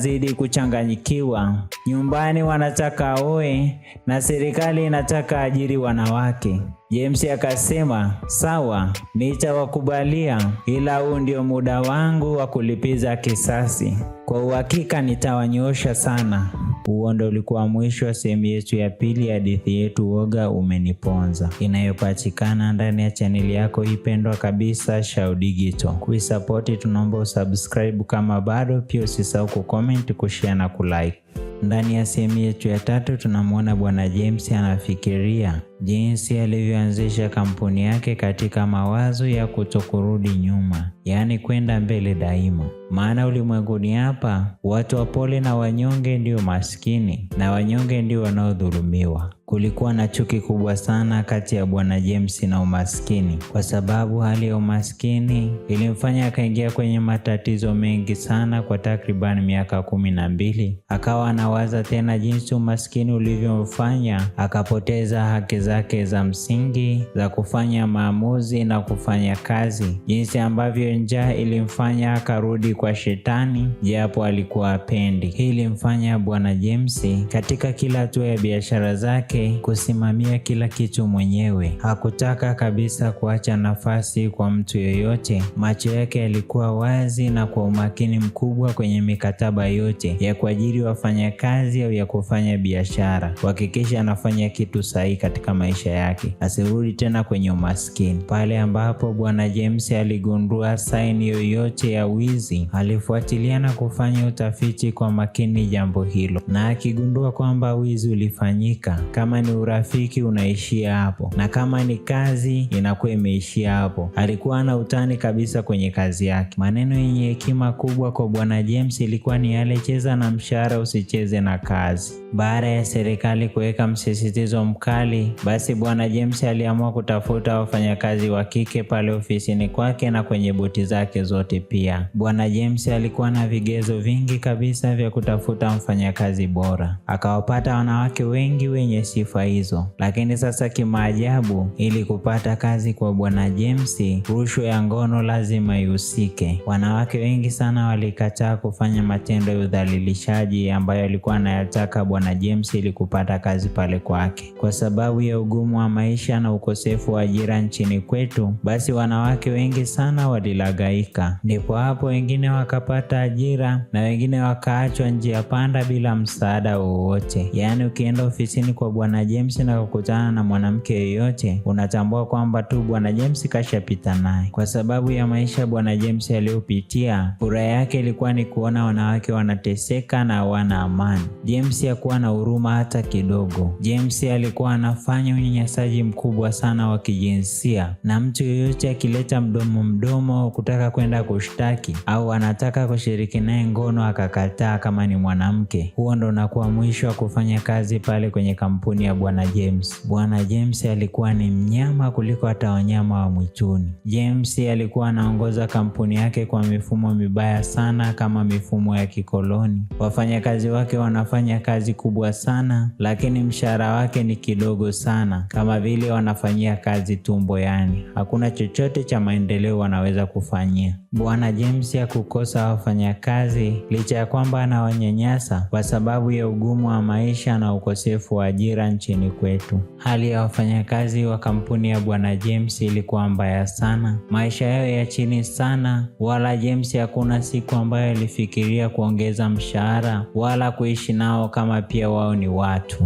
zidi kuchanganyikiwa. Nyumbani wanataka oe na serikali inataka ajiri wanawake. James akasema sawa, nitawakubalia, ila huu ndio muda wangu wa kulipiza kisasi. Kwa uhakika nitawanyoosha sana. Huo ndo ulikuwa mwisho wa sehemu yetu ya pili ya hadithi yetu Woga Umeniponza, inayopatikana ndani ya chaneli yako ipendwa kabisa Shao Digital. Kuisapoti tunaomba usubscribe kama bado, pia usisahau kucomment, kushare na kulike. Ndani ya sehemu yetu ya tatu tunamwona Bwana James anafikiria jinsi alivyoanzisha kampuni yake katika mawazo ya kutokurudi nyuma, yaani kwenda mbele daima. Maana ulimwenguni hapa watu wapole na wanyonge ndio maskini na wanyonge ndio wanaodhulumiwa. Kulikuwa na chuki kubwa sana kati ya Bwana James na umaskini, kwa sababu hali ya umaskini ilimfanya akaingia kwenye matatizo mengi sana kwa takriban miaka kumi na mbili. Akawa anawaza tena jinsi umaskini ulivyomfanya akapoteza haki zake za msingi za kufanya maamuzi na kufanya kazi, jinsi ambavyo njaa ilimfanya akarudi kwa shetani japo alikuwa apendi. Hii ilimfanya Bwana James katika kila hatua ya biashara zake yake kusimamia kila kitu mwenyewe. Hakutaka kabisa kuacha nafasi kwa mtu yoyote. Macho yake yalikuwa wazi na kwa umakini mkubwa kwenye mikataba yote ya kuajiri wafanyakazi au ya kufanya biashara, kuhakikisha anafanya kitu sahihi katika maisha yake, asirudi tena kwenye umaskini. Pale ambapo Bwana James aligundua saini yoyote ya wizi, alifuatilia na kufanya utafiti kwa makini jambo hilo, na akigundua kwamba wizi ulifanyika kama kama ni urafiki unaishia hapo, na kama ni kazi inakuwa imeishia hapo. Alikuwa ana utani kabisa kwenye kazi yake. Maneno yenye hekima kubwa kwa Bwana James ilikuwa ni yale, cheza na mshahara, usicheze na kazi. Baada ya serikali kuweka msisitizo mkali, basi Bwana James aliamua kutafuta wafanyakazi wa kike pale ofisini kwake na kwenye boti zake zote pia. Bwana James alikuwa na vigezo vingi kabisa vya kutafuta mfanyakazi bora, akawapata wanawake wengi wenye sifa hizo. Lakini sasa kimaajabu, ili kupata kazi kwa Bwana James, rushwa ya ngono lazima ihusike. Wanawake wengi sana walikataa kufanya matendo ya udhalilishaji ambayo alikuwa anayataka Bwana bwana James ili kupata kazi pale kwake. Kwa sababu ya ugumu wa maisha na ukosefu wa ajira nchini kwetu, basi wanawake wengi sana walilagaika. Ndipo hapo wengine wakapata ajira na wengine wakaachwa njia panda bila msaada wowote. Yaani, ukienda ofisini kwa Bwana James na kukutana na mwanamke yoyote unatambua kwamba tu Bwana James kashapita naye. Kwa sababu ya maisha Bwana James aliyopitia, furaha yake ilikuwa ni kuona wanawake wanateseka na hawana amani. James yaku hakuwa na huruma hata kidogo. James alikuwa anafanya unyanyasaji mkubwa sana wa kijinsia, na mtu yeyote akileta mdomo mdomo kutaka kwenda kushtaki au anataka kushiriki naye ngono akakataa, kama ni mwanamke, huo ndo unakuwa mwisho wa kufanya kazi pale kwenye kampuni ya bwana James. Bwana James alikuwa ni mnyama kuliko hata wanyama wa mwituni. James alikuwa anaongoza kampuni yake kwa mifumo mibaya sana, kama mifumo ya kikoloni. Wafanyakazi wake wanafanya kazi kubwa sana, lakini mshahara wake ni kidogo sana, kama vile wanafanyia kazi tumbo. Yani hakuna chochote cha maendeleo wanaweza kufanyia. Bwana James ya kukosa wafanyakazi licha ya kwamba anawanyanyasa kwa sababu ya ugumu wa maisha na ukosefu wa ajira nchini kwetu. Hali ya wafanyakazi wa kampuni ya Bwana James ilikuwa mbaya sana, maisha yao ya chini sana, wala James hakuna siku ambayo alifikiria kuongeza mshahara wala kuishi nao kama pia wao ni watu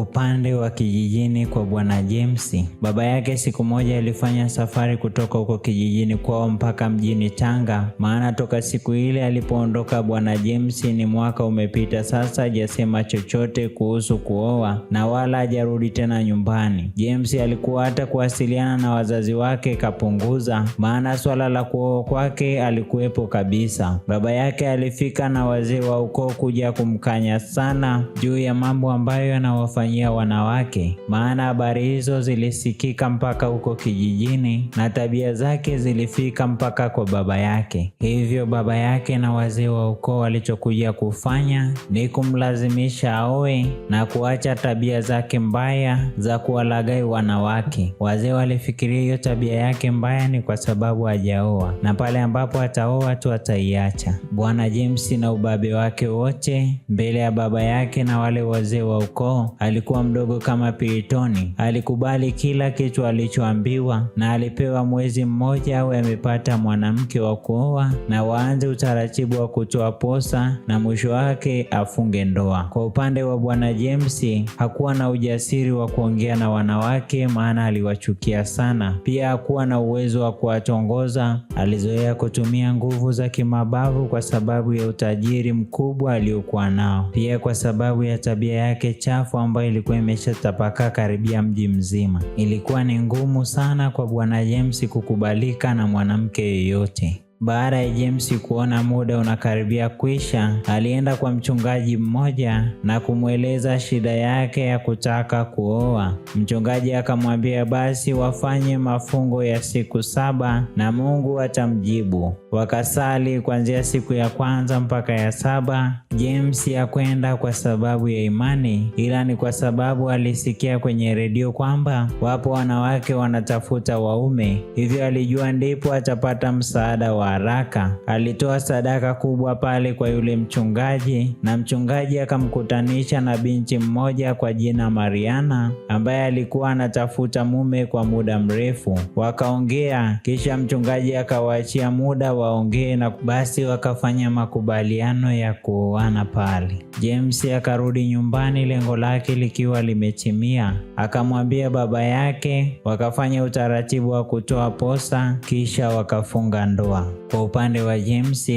upande wa kijijini kwa Bwana James. Baba yake siku moja alifanya safari kutoka huko kijijini kwao mpaka mjini Tanga, maana toka siku ile alipoondoka Bwana James ni mwaka umepita sasa, hajasema chochote kuhusu kuoa na wala hajarudi tena nyumbani. James alikuwa hata kuwasiliana na wazazi wake kapunguza, maana swala la kuoa kwake alikuwepo kabisa. Baba yake alifika na wazee wa ukoo kuja kumkanya sana juu ya mambo ambayo anawafanya kuwafanyia wanawake, maana habari hizo zilisikika mpaka huko kijijini na tabia zake zilifika mpaka kwa baba yake. Hivyo baba yake na wazee wa ukoo walichokuja kufanya ni kumlazimisha aoe na kuacha tabia zake mbaya za kuwalaghai wanawake. Wazee walifikiria hiyo tabia yake mbaya ni kwa sababu hajaoa, na pale ambapo ataoa tu ataiacha. Bwana James na ubabe wake wote mbele ya baba yake na wale wazee wa ukoo alikuwa mdogo kama piritoni Alikubali kila kitu alichoambiwa na alipewa mwezi mmoja awe amepata mwanamke wa kuoa na waanze utaratibu wa kutoa posa na mwisho wake afunge ndoa. Kwa upande wa Bwana James hakuwa na ujasiri wa kuongea na wanawake, maana aliwachukia sana. Pia hakuwa na uwezo wa kuwatongoza. Alizoea kutumia nguvu za kimabavu kwa sababu ya utajiri mkubwa aliokuwa nao, pia kwa sababu ya tabia yake chafu ambayo ilikuwa imeshatapakaa karibia mji mzima. Ilikuwa ni ngumu sana kwa Bwana James kukubalika na mwanamke yeyote. Baada ya James kuona muda unakaribia kwisha, alienda kwa mchungaji mmoja na kumweleza shida yake ya kutaka kuoa. Mchungaji akamwambia basi wafanye mafungo ya siku saba na Mungu atamjibu. Wakasali kuanzia siku ya kwanza mpaka ya saba. James hakwenda kwa sababu ya imani, ila ni kwa sababu alisikia kwenye redio kwamba wapo wanawake wanatafuta waume, hivyo alijua ndipo atapata msaada wa kwa haraka. Alitoa sadaka kubwa pale kwa yule mchungaji, na mchungaji akamkutanisha na binti mmoja kwa jina Mariana ambaye alikuwa anatafuta mume kwa muda mrefu. Wakaongea, kisha mchungaji akawaachia muda waongee, na basi wakafanya makubaliano ya kuoana pale. James akarudi nyumbani, lengo lake likiwa limetimia. Akamwambia baba yake, wakafanya utaratibu wa kutoa posa, kisha wakafunga ndoa. Kwa upande wa James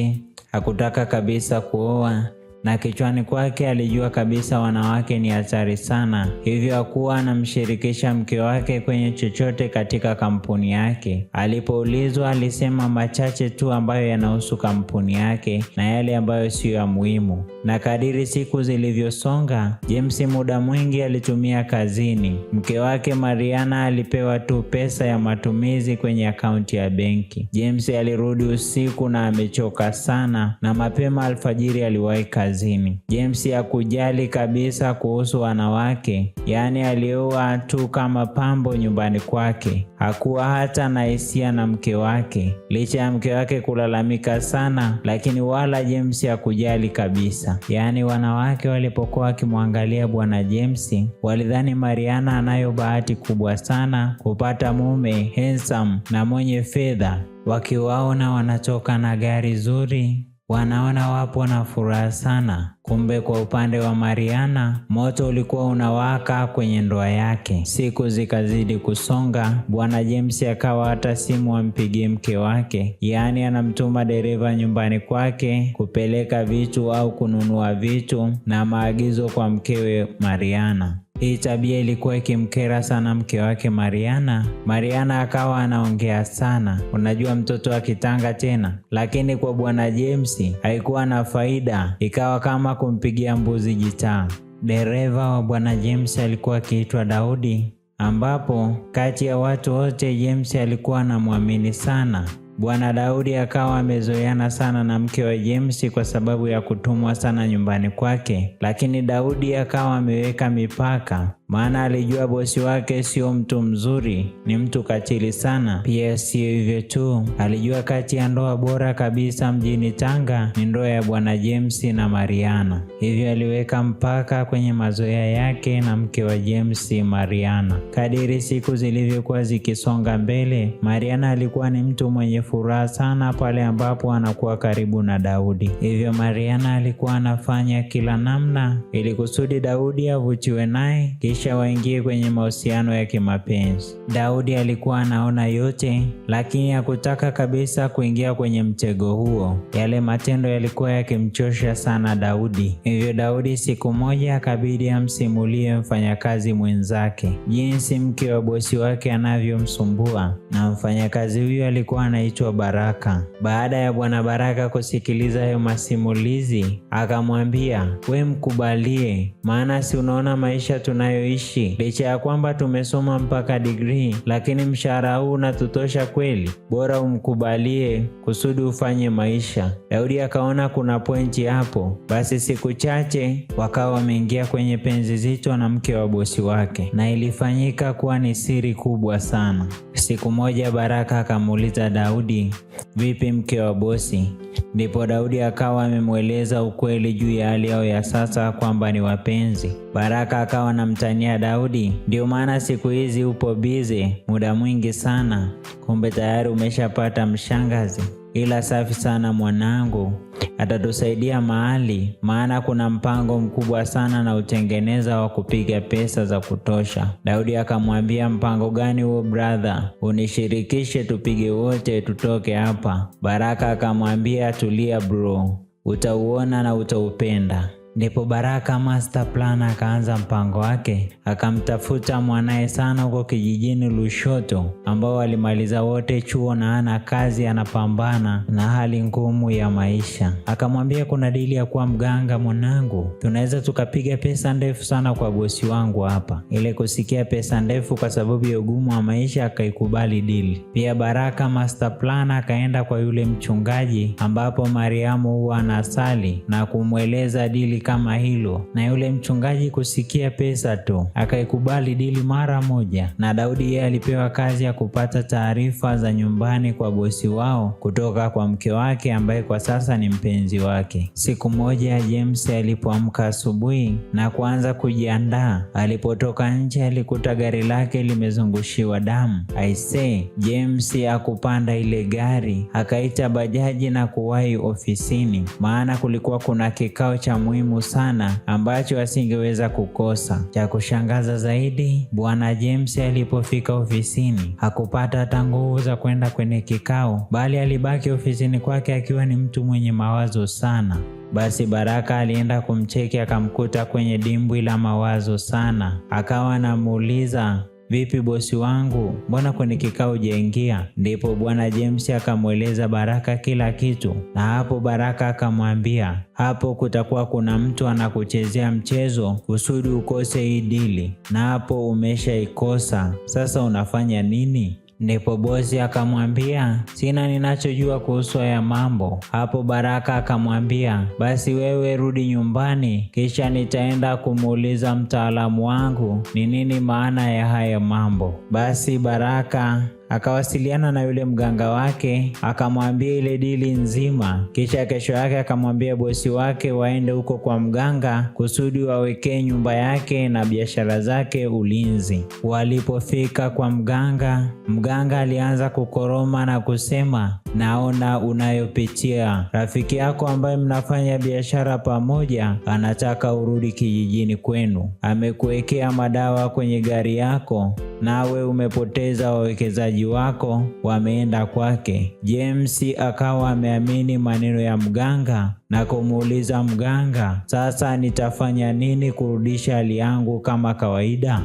hakutaka kabisa kuoa na kichwani kwake alijua kabisa wanawake ni hatari sana, hivyo hakuwa anamshirikisha mke wake kwenye chochote katika kampuni yake. Alipoulizwa alisema machache tu ambayo yanahusu kampuni yake na yale ambayo siyo ya muhimu na kadiri siku zilivyosonga, James muda mwingi alitumia kazini. Mke wake Mariana alipewa tu pesa ya matumizi kwenye akaunti ya benki. James alirudi usiku na amechoka sana, na mapema alfajiri aliwahi kazini. James hakujali kabisa kuhusu wanawake, yaani alioa tu kama pambo nyumbani kwake. Hakuwa hata na hisia na mke wake, licha ya mke wake kulalamika sana, lakini wala James hakujali kabisa. Yaani, wanawake walipokuwa wakimwangalia bwana James walidhani Mariana anayo bahati kubwa sana kupata mume handsome na mwenye fedha, wakiwaona wanatoka na gari zuri Wanaona wapo na furaha sana. Kumbe kwa upande wa Mariana, moto ulikuwa unawaka kwenye ndoa yake. Siku zikazidi kusonga, bwana James akawa hata simu ampigie mke wake, yaani anamtuma dereva nyumbani kwake kupeleka vitu au kununua vitu, na maagizo kwa mkewe Mariana. Hii tabia ilikuwa ikimkera sana mke wake Mariana. Mariana akawa anaongea sana, unajua mtoto akitanga tena, lakini kwa bwana James haikuwa na faida, ikawa kama kumpigia mbuzi jitaa. Dereva wa bwana James alikuwa akiitwa Daudi, ambapo kati ya watu wote James alikuwa anamwamini sana. Bwana Daudi akawa amezoeana sana na mke wa James kwa sababu ya kutumwa sana nyumbani kwake, lakini Daudi akawa ameweka mipaka maana alijua bosi wake sio mtu mzuri, ni mtu katili sana. Pia sio hivyo tu, alijua kati ya ndoa bora kabisa mjini Tanga ni ndoa ya Bwana James na Mariana, hivyo aliweka mpaka kwenye mazoea yake na mke wa James, Mariana. Kadiri siku zilivyokuwa zikisonga mbele, Mariana alikuwa ni mtu mwenye furaha sana pale ambapo anakuwa karibu na Daudi, hivyo Mariana alikuwa anafanya kila namna ili kusudi Daudi avutiwe naye kuwawezesha waingie kwenye mahusiano ya kimapenzi. Daudi alikuwa anaona yote, lakini hakutaka kabisa kuingia kwenye mtego huo. Yale matendo yalikuwa yakimchosha sana Daudi, hivyo Daudi siku moja akabidi amsimulie mfanyakazi mwenzake jinsi mke wa bosi wake anavyomsumbua, na mfanyakazi huyo alikuwa anaitwa Baraka. Baada ya bwana Baraka kusikiliza hayo masimulizi, akamwambia we mkubalie, maana si unaona maisha tunayo tunayoishi, licha ya kwamba tumesoma mpaka digrii, lakini mshahara huu unatutosha kweli? Bora umkubalie kusudi ufanye maisha. Daudi akaona kuna pointi hapo. Basi siku chache wakawa wameingia kwenye penzi zito na mke wa bosi wake, na ilifanyika kuwa ni siri kubwa sana. Siku moja Baraka akamuuliza Daudi, vipi mke wa bosi? Ndipo Daudi akawa amemweleza ukweli juu ya hali yao ya sasa kwamba ni wapenzi. Baraka akawa anamtania Daudi, ndio maana siku hizi upo bize muda mwingi sana, kumbe tayari umeshapata mshangazi. Ila safi sana mwanangu, atatusaidia mahali, maana kuna mpango mkubwa sana na utengeneza wa kupiga pesa za kutosha. Daudi akamwambia, mpango gani huo brother? Unishirikishe tupige wote, tutoke hapa. Baraka akamwambia, tulia bro, utauona na utaupenda. Ndipo Baraka master plan akaanza mpango wake, akamtafuta mwanaye sana huko kijijini Lushoto, ambao walimaliza wote chuo na ana kazi, anapambana na hali ngumu ya maisha. Akamwambia, kuna dili ya kuwa mganga mwanangu, tunaweza tukapiga pesa ndefu sana kwa bosi wangu hapa. Ile kusikia pesa ndefu kwa sababu ya ugumu wa maisha, akaikubali dili. Pia Baraka master plan akaenda kwa yule mchungaji ambapo Mariamu huwa anasali na kumweleza dili dili kama hilo, na yule mchungaji kusikia pesa tu akaikubali dili mara moja. Na Daudi yeye alipewa kazi ya kupata taarifa za nyumbani kwa bosi wao kutoka kwa mke wake ambaye kwa sasa ni mpenzi wake. Siku moja James alipoamka asubuhi na kuanza kujiandaa, alipotoka nje alikuta gari lake limezungushiwa damu. Aisee, James akupanda ile gari akaita bajaji na kuwahi ofisini, maana kulikuwa kuna kikao cha muhimu muhimu sana ambacho asingeweza kukosa. Cha kushangaza zaidi, Bwana James alipofika ofisini hakupata hata nguvu za kwenda kwenye kikao, bali alibaki ofisini kwake akiwa ni mtu mwenye mawazo sana. Basi Baraka alienda kumcheki akamkuta kwenye dimbwi la mawazo sana, akawa anamuuliza Vipi bosi wangu, mbona kwenye kikao hujaingia? Ndipo bwana James akamweleza Baraka kila kitu, na hapo Baraka akamwambia hapo kutakuwa kuna mtu anakuchezea mchezo kusudi ukose hii dili, na hapo umeshaikosa. Sasa unafanya nini? Ndipo bosi akamwambia, sina ninachojua kuhusu haya mambo. Hapo Baraka akamwambia, basi wewe rudi nyumbani, kisha nitaenda kumuuliza mtaalamu wangu ni nini maana ya haya mambo. Basi Baraka Akawasiliana na yule mganga wake akamwambia ile dili nzima, kisha kesho yake akamwambia bosi wake waende huko kwa mganga kusudi wawekee nyumba yake na biashara zake ulinzi. Walipofika kwa mganga, mganga alianza kukoroma na kusema naona unayopitia. Rafiki yako ambaye mnafanya biashara pamoja anataka urudi kijijini kwenu, amekuwekea madawa kwenye gari yako, nawe umepoteza wawekezaji wako, wameenda kwake. James akawa ameamini maneno ya mganga na kumuuliza mganga, sasa nitafanya nini kurudisha hali yangu kama kawaida?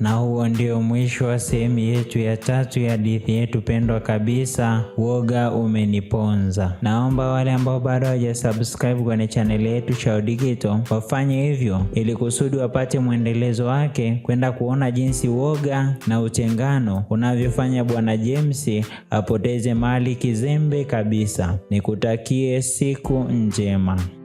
Na huo ndio mwisho wa sehemu yetu ya tatu ya hadithi yetu pendwa kabisa, Woga Umeniponza. Naomba wale ambao bado hawajasubscribe kwenye chaneli yetu Shao Digital wafanye hivyo, ili kusudi wapate mwendelezo wake, kwenda kuona jinsi woga na utengano unavyofanya Bwana James apoteze mali kizembe kabisa. Nikutakie siku njema.